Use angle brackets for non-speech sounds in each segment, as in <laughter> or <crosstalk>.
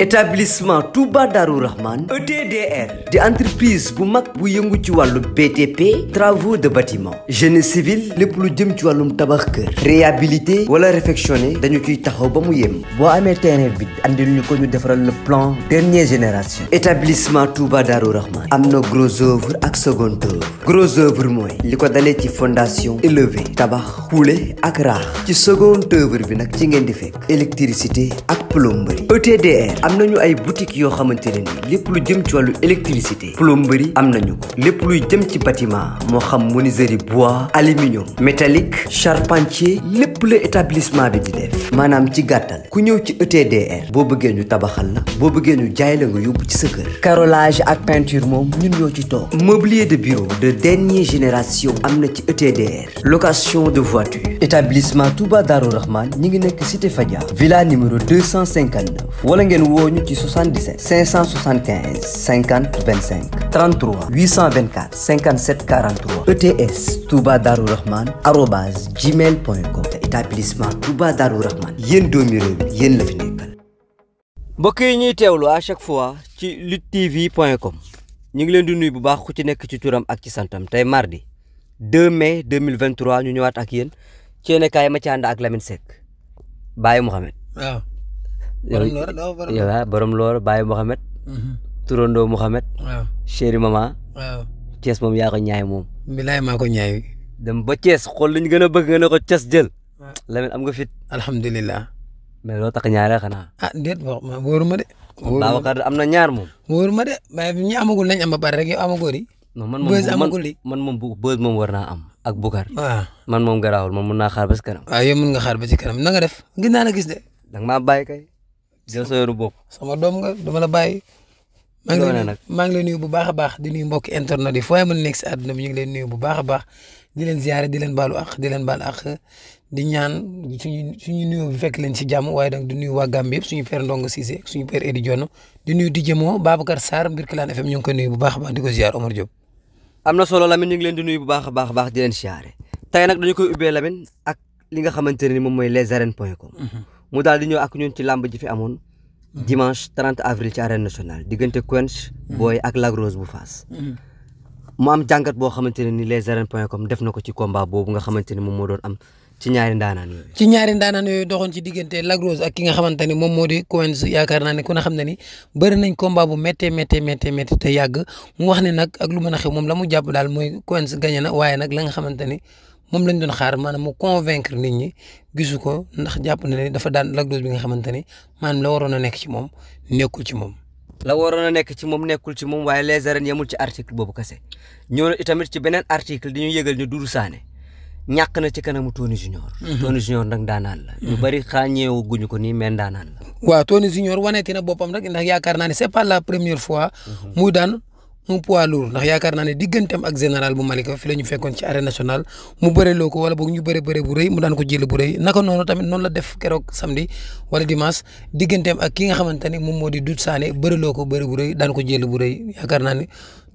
établissement Touba Darou Rahman ETDR di entreprise bu mag bu yëngu ci wàllu BTP travaux de bâtiment génie civil lépp lu jëm ci wàllum tabax kër réhabilité wala réfectionné dañu ciy taxaw ba mu yem boo amee terrain bi andil ko ñu defaral le plan dernière génération établissement Touba Darou Rahman am na gros œuvre ak second œuvre gros œuvre mooy li ko dalee ci fondation élevé tabax xuule ak raax ci second œuvre bi nag ci ngeen di fekk électricité plomberie ETDR am nañu ay boutique yoo xamante ne ni lépp lu jëm ci wàllu électricité plomberie am nañu ko lép luy jëm ci bâtiment moo xam menuiserie bois aluminium métallique charpentier lépp la établissement bi di def maanaam ci gàttal ku ñëw ci ETDR boo bëggee ñu tabaxal la boo bëggee ñu jaay la nga yóbbu ci sa kër carrelage ak peinture moom ñun ñoo ci toog mobilier de bureau de dernière génération am na ci ETDR location de voiture établissement Touba Darou Rahman ñi ngi nekk cité 859 wala ngeen woo ñu ci 77 575 50 25 33 824 57 43 ETS Touba Darou Rahman arobase gmail point com te établissement Touba Darou Rahman yéen doomi réew mi yéen la fi nekkal. mbokk yi ñuy teewlu à chaque fois ci luttetv.com ñu ngi leen di nuyu bu baax ku ci nekk ci turam ak ci santam tey mardi 2 mai 2023 ñu ñëwaat ak yéen. Ceenekaay ma ci ànd ak Lamine Seck Baye waaw borom loor Baye Mouhamed mhm. turandoo Mouhamed waaw chéri mama waaw Thiès moom yaa ko ñaay moom bilaay maa ko ñaay dem ba Thiès xool liñ gën a bëgg nga ko Thiès jël Lamine am nga fit alhamdulilah mais loo tax ñaaree xanaa ah déet wax ma wóoru ma de am na ñaar moom wóoru ma de mais ñi amagul lañ am ba pare rek yow amagul yi non man moom man moom bëz war naa am ak Boucar waaw man moom garaawul man mun naa xaar ba si kanam waaw yow mun nga xaar ba kanam na def gis naa gis de danga maa bàyyi kay jël sa yoru bopp. sama doom nga dama la bàyyi. maa ngi lay maa ngi lay nuyu bu baax a baax di nuyu mbokki internet yi foo mën nekk si àdduna bi ñu ngi leen nuyu bu baax a baax di leen ziare di leen baalu àq di leen baal àq di ñaan suñu suñu nuyoo bi fekk leen si jàmm waaye donc di nuyu waa Gambie yëpp suñu père Ndongo Cissé suñu père Edi Dione di nuyu di jëmoo Babacar Sarr Birkelane FM ñu ngi koy nuyu bu baax a baax di ko ziare Omar Diop. am na solo Lamine ñu ngi leen di nuyu bu baax a baax baax di leen ziare tey nag dañu koy ubbee Lamine ak li nga xamante ne ni moom mooy les arènes point com mm-hmm. mu daal di ñëw ak ñun ci làmb ji fi amoon hmm. dimanche 30 avril ci arène nationale diggante Quench hmm. booy ak Lac Rose bu Fass hmm. mu am jàngat boo xamante ne ni les arènes point comme def na ko ci combat boobu nga xamante ne moom moo doon am ci ñaari ndaanaan yooyu. ci ñaari ndaanaan yooyu doxoon ci diggante Lac Rose ak ki nga xamante ni moom moo di Quench yaakaar naa ne ku na xam ni bëri nañ combat bu méttee méttee méttee méttee yàgg mu wax ne nag ak lu mën a xew moom la mu jàpp daal mooy Quench gagné na waaye nag la nga xamante ni moom lañ doon xaar maanaam mu convaincre nit ñi gisu ndax jàpp na dafa daan Lac Rose bi nga xamante ni maanaam la waroon a nekk ci moom nekkul ci moom. la waroon a nekk ci moom nekkul ci moom waaye les arènes yemul ci article boobu kese ñëw na itamit ci beneen article di ñu yëgal ñu Doudou Sané ñàkk na ci kana kanamu Tony Junior. Mhm. Tony Junior nag daanaan la. ñu mhm. bari xaañeewu guñu ko ni mais daanaan la. waaw Tony Junior waneeti na boppam rek ndax yaakaar naa ne c'est pas la première un poids lourd ndax yaakaar naa ne digganteem ak général bu Malika fi la ñu fekkoon ci arène nationale mu bëreloo ko wala boog ñu bëre bëre bu rëy mu daan ko jël bu rëy naka noonu tamit noonu la def keroog samedi wala dimanche digganteem ak ki nga xamante ne moom moo di Doudou Sané bëreloo ko bëre bu rëy daan ko jël bu rëy yaakaar naa ne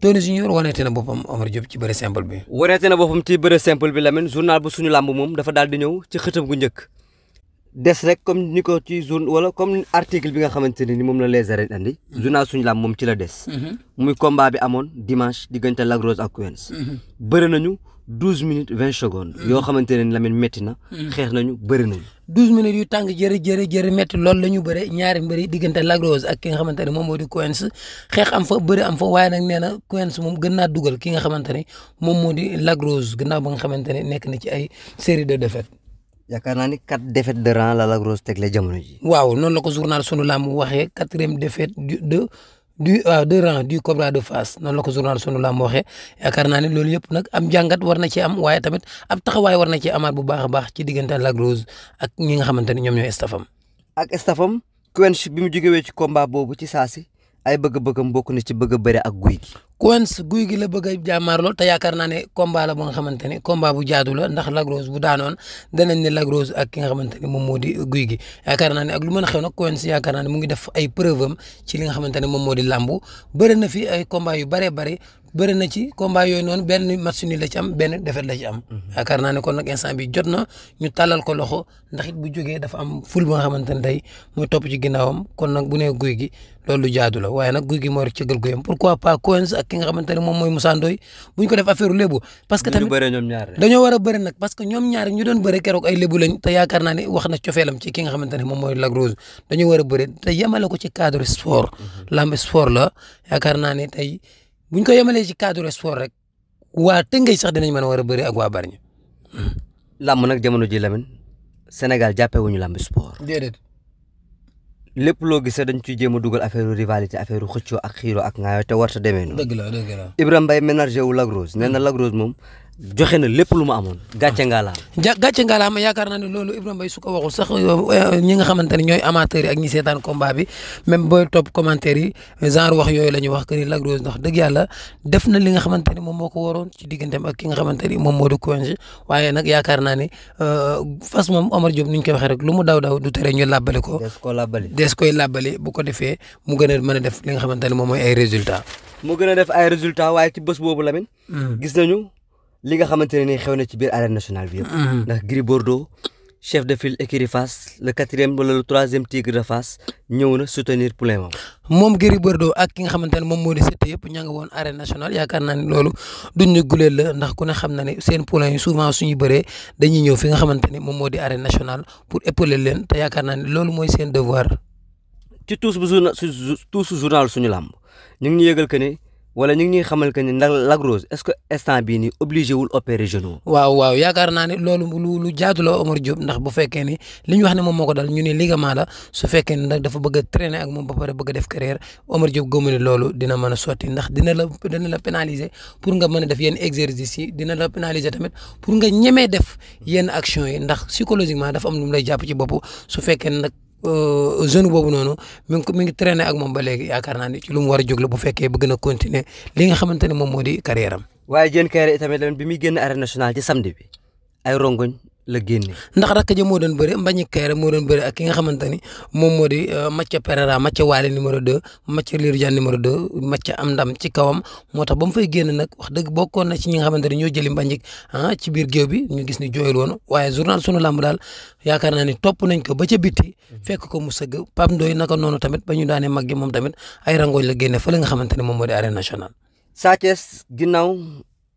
Tony Junior waneete na boppam Omar Diop ci bëre simple bi. waneete na boppam ci bëre simple bi Lamine journal bu suñu làmb moom dafa daal di ñëw ci xëtam gu njëkk des rek comme ni ko ci jour wala comme article bi nga xamante ne ni moom la les arènes andi. Mhm. journal suñu laam moom ci la des. Mhm. muy combat bi amoon dimanche diggante Lac Rose ak Quench. Mhm. bëri nañu douze minutes vingt secondes. yoo xamante ne ni métti na. xeex nañu bëri nañu. douze minutes yu tàng jërë jërë jërë métti loolu la ñu bëre ñaari mbëri diggante Lac Rose ak ki nga xamante ne moom moo di Quench xeex am fa bëri am fa waaye nag nee na Quench moom gën naa dugal ki nga xamante ne moom moo di lagros Rose gannaaw ba nga xamante ne nekk na ci ay série de défaites. yaakaar naa ni quatre défaites de rang la Lac tegle jamono ji. waaw noonu la ko journal sunu lamb waxee quatrième défaite de du euh, de rang du Cobra de Fass noonu la ko journal sunu lamb waxee yaakaar naa ne loolu yëpp nag am jàngat war na ci am waaye tamit ab taxawaay war na ci amaat bu baax a baax ci diggante Lac Rose ak ñi nga xamante ne ñoom ñooy stafam. ak stafam. Quench bi mu jógewee ci combat boobu ci saasi ay bëgg-bëggam mbok na ci bëgg a ak guy gi. Quench guy gi la bëgg a jàmmaarloo te yaakaar naa ne combat la nga xamante ne combat bu jaadu la ndax Lac Rose bu daanoon danañ ne Lac nga xamante ne moom moo di guy gi yaakaar naa ne ak lu mën a xew nag Quench yaakaar naa ne mu ngi def ay preuve am ci li nga xamante ne moom moo di làmbu bëri na fi ay combat yu bare bare bëri na ci combat yooyu noonu benn match ni la ci am benn défaite la ci am. Mhm. yaakaar naa ne kon nag instant bi jot na ñu tàllal ko loxo ndax it bu jógee dafa am ful ba xamante ne tey muy topp ci ginnaawam kon nag bu nee guy gi loolu jaadu la waaye nag guy gi moo rek cëgal guyam pourquoi nga xamante ne moom mooy Moussa Ndoye bu ñu ko def affaire lébu. parce que tamit dañoo war a bëri nag parce que ñoom ñaar ñu doon bëri keroog ay lébu lañ te yaakaar wax na cofeelam ci ki nga xamante ne moom mooy Lac Rose dañoo war a bëri te yemale ko ci cadre sport mhm. lamb la yaakaar naa ne tey buñ ko yemalee ci cadre sport rek waa Tëngéej sax dinañ mën a war a bëri ak waa Bargny. Mm-hmm. làmb nag jamono ji Lamine Sénégal jàppee wuñu làmb sport. déedéet. lépp loo gisee dañ ciy jéem a dugal affaire rivalité affaire xëccoo ak xiiroo ak ŋaayoo te warta demee noonu. dëgg la dëgg la Ibrahima Mbaye ménager wu Lac Rose mm-hmm. na Lac moom joxe na lépp lu mu amoon gàcce ngalaama. ja gàcce ngalaama yaakaar naa ne loolu Ibrahima Mbaye su ko waxul sax euh, euh, ñi nga xamante ñooy amateurs yi ak ñi seetaan combat bi même booy topp commentaire yi genre wax yooyu la ñuy wax que ni Lac Rose ndax dëgg yàlla def na li nga xamante ni moom moo ko waroon ci digganteem ak ki nga xamante ni moom moo di congé waaye nag yaakaar naa ne euh, fas moom Omar Diop ni ñu koy waxee rek lu mu daw daw du tere ñu làbbali ko. des ko làbbali des koy làbbali bu ko defee mu gën a mën a def li nga xamante ne moom mooy ay résultats. mu gën a def ay résultats waaye ci bés boobu Lamine. Hmm. gis nañu li nga xamante ne ni xew na ci biir arène nationale bi yëpp. ndax Gris Bordeaux chef de file écurie Fass le quatrième wala le troisième tigre de Fass ñëw na soutenir poulain moom. moom Gris Bordeaux ak ki nga xamante ne moom moo di site yëpp ña nga woon arène nationale yaakaar naa loolu duñ ñu guleel la ndax ku ne xam na ne seen poulain yi souvent suñu bëree dañuy ñëw fi nga xamante ne moom moo di arène nationale pour épauler leen te yaakaar naa ne loolu mooy seen devoir. ci tous bu journal tous suñu làmb ñu ngi wala ñu ngi xamal que ni ndax Lac Rose est-ce que instant bii nii obligé wul opérer genou. waaw waaw yaakaar naa ne loolu lu lu jaadu la Omar Diop ndax bu fekkee ni li ñu wax ne moom moo ko dal ñu ne ligament la su fekkee ni nag dafa bëgg a traîner ak moom ba pare bëgg a def carrière Omar Diop gëmu ne loolu dina mën a sotti ndax dina la dina la pénaliser pour nga mën a def yenn exercice yi dina la pénaliser tamit pour nga ñemee def yenn action yi ndax psychologiquement dafa am lu mu lay jàpp ci bopp su fekkee nag. Euh, jeune boobu noonu mi ngi mi ngi traîner ak moom ba léegi yaakaar naa ni ci lu mu war a jóg la bu fekkee bëgg na continuer li nga xamante ne moom moo di carrière am. waaye Diène Kairé itamit bi muy génn arène nationale ci samedi bi ay rongoñ la génne. ndax rakk ja moo doon bëri Mbagnick Kaïré moo doon bëri ak ki nga xamante ni moom moo di euh, Mathia Pereira Mathia Waly numéro 2 Mathia Lirou am ndam ci kawam moo tax ba mu fay génn nag wax dëgg bokkoon na ci ñi nga xamante ni ñoo jëli Mbagnick ah ci biir géew bi ñu gis ni jooyul woon waaye journal sunu lamb daal yaakaar naa ni topp nañ ko ba ca bitti mm-hmm. fekk ko mu sëgg Pape Ndoye naka noonu tamit ba ñu daanee mag gi moom tamit ay rangooñ la génne fële nga xamante ni moom moo di arène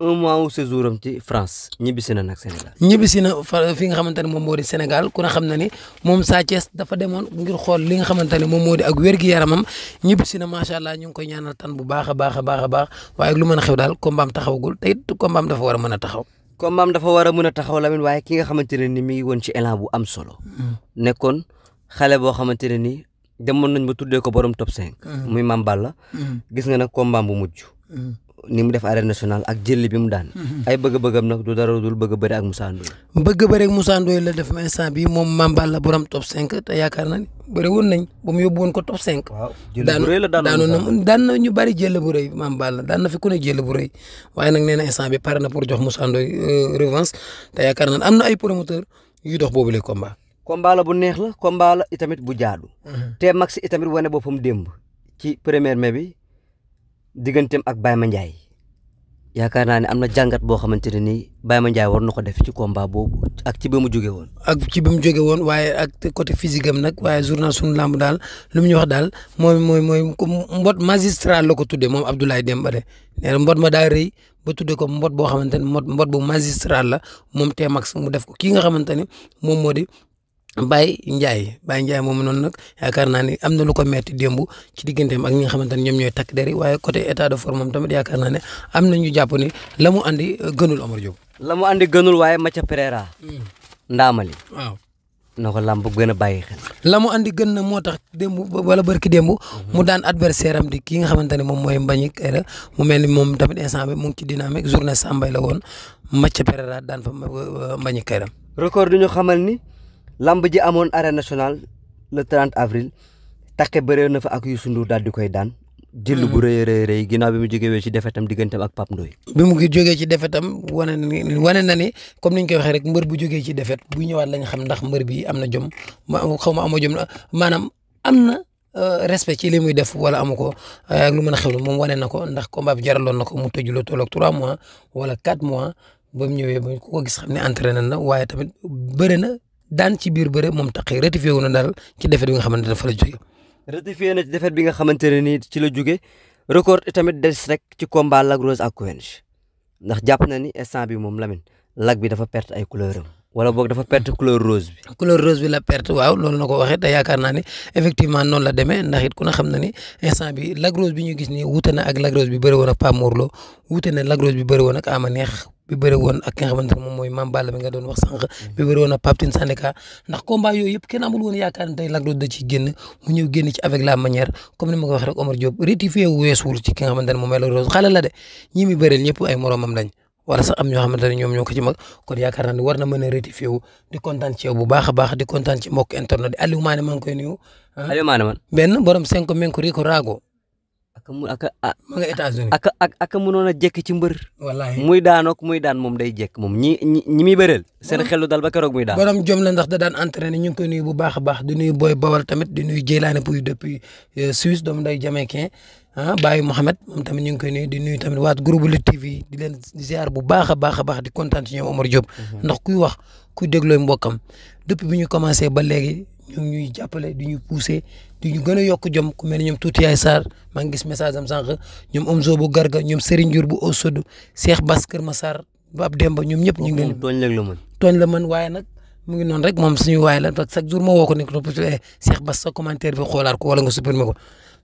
un mois wu séjour am ci France ñibbisi na nag Sénégal. ñibbisi na fi nga xamante ne moom moo di Sénégal a ne xam na ni moom Sa Thiès dafa demoon ngir xool li nga xamante ne moom moo di yaramam ñibbisi na macha koy ñaanal tan bu baax a baax a baax a waaye lu mën a xew daal ma taxawagul te it kombaam dafa war a mën a taxaw. kombaam dafa war a a taxaw Lamine waaye ki nga xamante ne ni mi ngi woon ci élan bu am solo. Mm-hmm. nekkoon xale boo xamante ne ni demoon nañ ba tuddee ko borom top 5. Mm-hmm. muy Mame Balla. Mm-hmm. gis nga nag ni mu def arène nationale ak jël bi mu daan. Mhm. ay bëgg-bëggam nag du dara dul bëgg bëri ak Moussa Ndoye. bëgg bëri ak Moussa Ndoye la def instant bi moom Mame Balla borom top 5 te yaakaar na ni bëri nañ ba mu yóbbu woon ko top 5. daan na ñu bëri jël bu rëy daan na fi ku ne waaye nag nee na pare na pour jox Moussa Ndoye euh, revanche te yaakaar am na ay promoteur yuy dox boobu lay combat. combat bu neex la combat la itamit bu jaadu. Mhm. te Max itamit wane boppam démb ci premier mai digganteem ak Baye Mandiaye yaakaar naa ne am na jàngat boo xamante ne nii Baye Mandiaye war na ko def ci combat boobu ak ci ba mu jóge woon. ak ci ba mu jóge woon waaye ak côté physique am nag waaye journal sunu lamb daal lu mu ñu wax daal mooy mooy mooy mbot magistral la ko tuddee moom Abdoulaye Dembélé nee na mbot ma daa rëy ba tuddee ko mbot boo xamante ne mbot mbot bu magistral la moom T-Max mu def ko kii nga xamante ne moom moo di Baye Ndiaye Baye Ndiaye moom noonu nag yaakaar naa ni am na lu ko metti démb ci digganteem ak ñi nga xamante ne ñoom ñooy takk der yi waaye côté état de forme am tamit yaakaar naa am na ñu jàpp ni la mu andi gënul Omar Diop. la mu andi gënul waaye Mathia Pereira. Hmm. Ndaamali. waaw na ko làmb gën a bàyyi la mu andi gën na moo tax démb wala barki démb. mu hmm. daan adversaire am di ki nga xamante ne moom mooy Mbagnick Kayra mu mel ni moom tamit instant bi mu ngi ci dynamique journée Sambay la woon Mathia Pereira daan fa Mbagnick Kayra. record ñu xamal lamb ji amoon arène nationale le 30 avril Takké bëree na fa ak Youssou Ndour daal di koy daan. jël bu hmm. rëy a rëy bi mu jógee ci defetam digganteem ak Pape Ndoye. bi mu jógee ci defetam wane wane na ni comme ni ñu koy waxee rek mbër bu jógee ci defet bu ñëwaat lañ xam ndax mbër bi am na jom ma xaw ma amoo jom maanaam am na euh, respect ci li muy def wala amu ko euh, ak mën a xewlu moom wane na ko ndax combat jaraloon na ko mu tëj lu toll ak 3 mois wala 4 mois ba ñëwee ba ko gis xam ne entraîné na waaye tamit bëre na daan ci biir bëre moom taxi ratifié wu na daal ci defet bi nga xamante ne fa la jóge ratifié na ci bi nga xamante ne nii ci la jóge record tamit des rek ci combat Lac Rose ak Quench ndax jàpp na ni instant bi moom Lamine Lac bi dafa perte ay couleur am wala boog dafa perte couleur rose bi. couleur rose bi la perte waaw loolu na ko waxee te yaakaar naa ne effectivement noon la deme ndax it ku ne xam na ni instant bi Lac bi ñu gis ni wute na ak Lac Rose bi bëri woon ak Pape Morlo wuute na Lac bi bëri woon ak Ama Neex bi bëri woon ak mm. Sandika ndax combat yooyu yëpp kenn amul woon yaakaar ne tey Lac da ciy génn mu ñëw génn ci avec la manière comme ni ma ko waxee rek Omar Diop rectifié wu ci ki nga xamante ne moom mooy Lac Rose xale la de ñi mi bëreel ñëpp ay moromam lañ wala sax am ñoo xamante ne ñoom ñoo ko ci mag kon yaakaar naa ne war na a di kontaan ci yow baax baax di kontaan ci mbokk internet Aliou Mané maa ngi koy nuyu. Aliou Mané borom cinq menko riko ak mu ak a. ma mënoon a jekk ci mbër. wallaahi muy daanook muy daan moom day jekk moom ñi ñi ñi muy bëreel. seen ah. xelu dal ba keroog muy daan. borom jom la ndax da daan entraîné ñu ngi koy nuyu bu baax baax di nuyu Boy Bawal tamit di nuyu Jeylaane Pouy depuis euh, Suisse doomu nday Jamaïcain ah Baye Mouhamed moom tamit ñu ngi koy nuyu di nuyu tamit waat groupe Lutte TV di leen ziar bu baax a baax a baax di kontaan ci ñoom Omar Diop. Mhm. ndax kuy wax kuy dégloo mbokkam depuis bi ñu commencé ba léegi ñu ngi ñuy jàppale di ñu puuse di ñu gën a yokk jom ku mel ne ñoom tuuti yaay Sarr maa ngi gis message am sànq ñoom Omzo bu Garga ñoom Serigne Ndiour bu Osodou Cheikh Bass Kër Massar Bab Demba ñoom ñëpp. ñu ngi leen tooñ la mën tooñ la waaye nag mu ngi noonu rek moom suñu waay la parce jour ma woo ko ne ko eh, Cheikh Bass sa commentaire bi xoolaat ko wala ko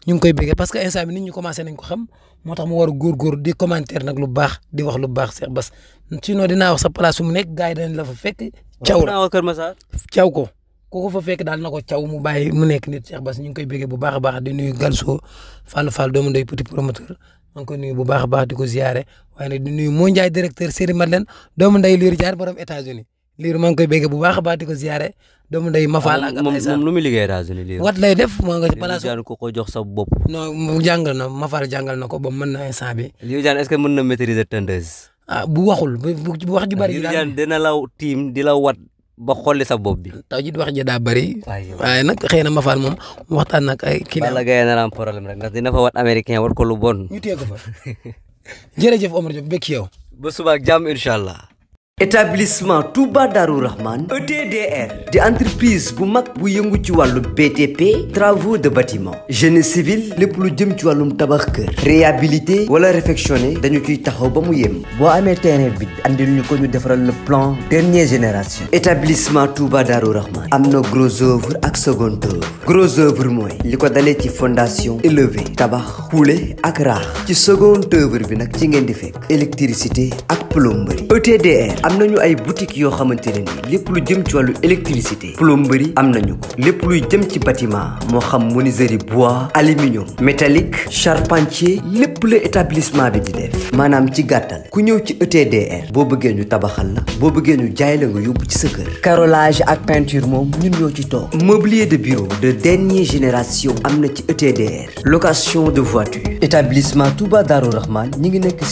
ñu ngi koy béggee parce que instant bi nit ñi commencé nañ ko xam moo tax mu war a góorgóor di commentaire nag lu baax di wax lu baax bas Bass sinon dinaa wax sa place mu nekk gars yi danañ la fa fekk. caw la caw ko ku ko fa fekk daal na ko caw mu bàyyi mu nekk nit Cheikh Bass ñu ngi koy béggee bu baax a baax di nuyu Galso Fall Fall doomu ndey petit promoteur maa ngi koy nuyu bu baax a baax di ko ziare waaye nag di nuyu Moo Njaay directeur doomu ndey Liir Jaar borom États-Unis Liir koy béggee bu baax a baax di ko ziare doomu ndey Mafal ak moom moom lu muy liggéey États-Unis Liir wat lay def na ko ba mën na instant bi Liir Jaar na maîtriser tendeuse ah bu waxul bu wax ju bari Liir Jaar dina la tiim di la wat ba xolli sa bopp bi. taw ji wax ji daa bëri. waaye nag xëy na Mafal moom waxtaan nag ay. kii la Balla Gaye na am problème rek ndax dina fa wat américain war ko lu bon. ñu téye ko fa <laughs> jërëjëf Omar Diop bëgg yow. ba suba ak jàmm incha allah. établissement Touba Darou Rahman ETDR di entreprise bu mag bu yëngu ci wàllu BTP travaux de bâtiment génie civil lépp lu jëm ci wàllum tabax kër réhabilité wala réfectionné dañu ciy taxaw ba mu yem. boo amee terrain bi andil ñu ko ñu defaral le plan dernière génération établissement Touba Darou Rahman am na gros œuvre ak second œuvre gros œuvre mooy li ko dalee ci fondation élevé tabax xuule ak raax ci second œuvre bi nag ci ngeen di fekk électricité ak plomberie ETDR am nañu ay boutique yoo xamante ne ni lépp lu jëm ci wàllu électricité plomberie am nañu ko lépp luy jëm ci bâtiment moo xam menuiserie bois aluminium métallique charpentier lépp la établissement bi di def maanaam ci gàttal ku ñëw ci ETDR boo bëggee ñu tabaxal la boo bëggee nu jaay la nga yóbbu ci sa kër carrelage ak peinture moom ñun ñoo ci toog mobilier de bureau de dernière génération am na ci ETDR location de voiture établissement Touba Darou Rahman ñi ngi nekk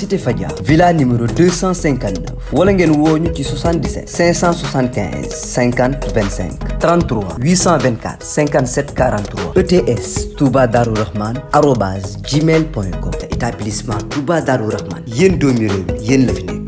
659 wala ngeen woo ñu ci 77 575 50 25 33 824 57 43 ETS Touba Darou Rahman arobase gmail point com te établissement Touba Darou Rahman yéen doomi réew yéen la fi nekk.